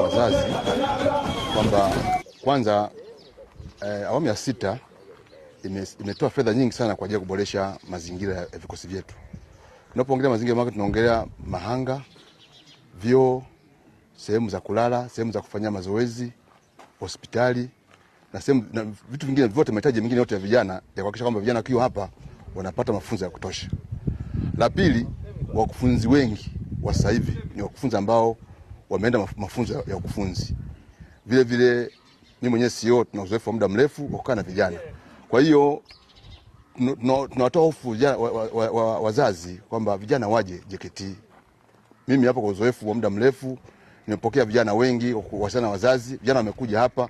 wazazi kwamba kwanza eh, awamu ya sita imetoa fedha nyingi sana kwa ajili ya kuboresha mazingira ya vikosi vyetu. Tunapoongelea mazingira maka, tunaongelea mahanga, vyoo, sehemu za kulala, sehemu za kufanyia mazoezi, hospitali na sehemu na vitu vingine vyote, mahitaji mengine yote ya vijana ya kuhakikisha kwamba vijana wakiwa hapa wanapata mafunzo ya kutosha. La pili, wakufunzi wengi wa sasa hivi ni wakufunzi ambao wameenda mafunzo ya ukufunzi. Vile vile mimi mwenyewe CEO, tuna uzoefu wa muda mrefu wa kukaa na vijana, kwa hiyo tunawatoa hofu wazazi kwamba vijana waje JKT. Mimi hapa kwa uzoefu wa muda mrefu nimepokea vijana wengi, wasichana wazazi, vijana wamekuja hapa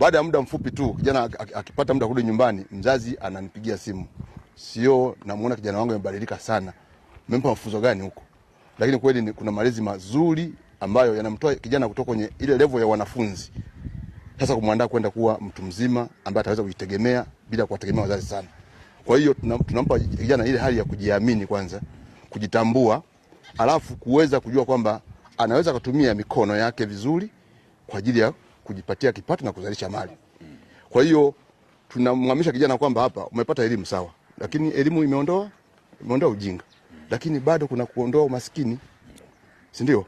baada ya muda mfupi tu kijana akipata muda kurudi nyumbani, mzazi ananipigia simu, sio namuona kijana wangu amebadilika sana, mmempa mafunzo gani huko? Lakini kweli kuna malezi mazuri ambayo yanamtoa kijana kutoka kwenye ile level ya wanafunzi sasa kumwandaa kwenda kuwa mtu mzima ambaye ataweza kujitegemea bila kuwategemea wazazi sana. Kwa hiyo tunampa kijana ile hali ya kujiamini kwanza, kujitambua, alafu kuweza kujua kwamba anaweza kutumia mikono yake vizuri kwa ajili ya kujipatia kipato na kuzalisha mali. Kwa hiyo tunamhamisha kijana kwamba hapa umepata elimu sawa, lakini elimu imeondoa imeondoa ujinga, lakini bado kuna kuondoa umaskini, si ndio?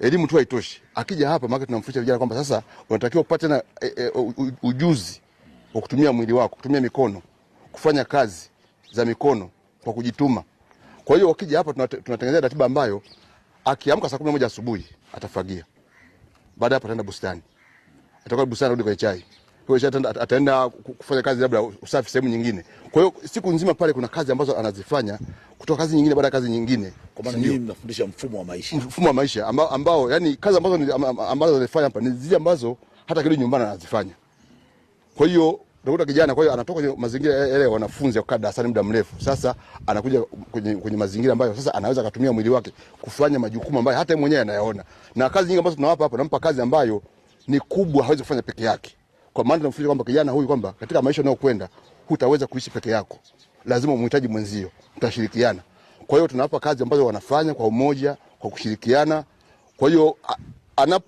Elimu tu haitoshi. Akija hapa maana tunamfundisha vijana kwamba sasa unatakiwa upate na e, eh, e, eh, ujuzi wa kutumia mwili wako, kutumia mikono, kufanya kazi za mikono kwa kujituma. Kwa hiyo akija hapa tunatengeneza ratiba ambayo akiamka saa 11 asubuhi atafagia, baada hapo ataenda bustani atakuwa busara rudi kwenye chai Kwa hiyo ataenda kufanya kazi labda usafi sehemu nyingine. Kwa hiyo siku nzima pale kuna kazi ambazo anazifanya kutoka kazi nyingine baada ya kazi nyingine. Kwa maana nyinyi mnafundisha mfumo wa maisha, mfumo wa maisha ambao, ambao yani kazi ambazo ambazo anafanya hapa ni zile ambazo hata kile nyumbani anazifanya. Kwa hiyo unakuta kijana, kwa hiyo anatoka kwenye mazingira yale ya wanafunzi kukaa darasani muda mrefu, sasa anakuja kwenye, kwenye mazingira ambayo sasa anaweza kutumia mwili wake kufanya majukumu ambayo hata yeye mwenyewe anayaona, na kazi nyingi ambazo tunawapa hapa, nampa kazi ambayo ni kubwa, hawezi kufanya peke yake, kwa maana tunafundisha kwamba kijana huyu kwamba katika maisha unayokwenda hutaweza kuishi peke yako, lazima umhitaji mwenzio, mtashirikiana. Kwa hiyo tunawapa kazi ambazo wanafanya kwa umoja, kwa kushirikiana. Kwa hiyo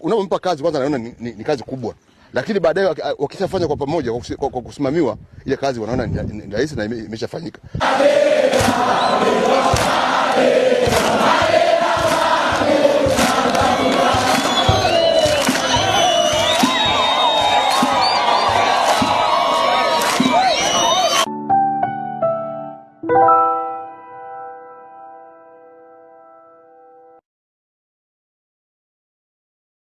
unapompa kazi kwanza, anaona ni, ni, ni kazi kubwa, lakini baadaye wakishafanya kwa pamoja, kwa kusimamiwa, ile kazi wanaona ni rahisi na imeshafanyika.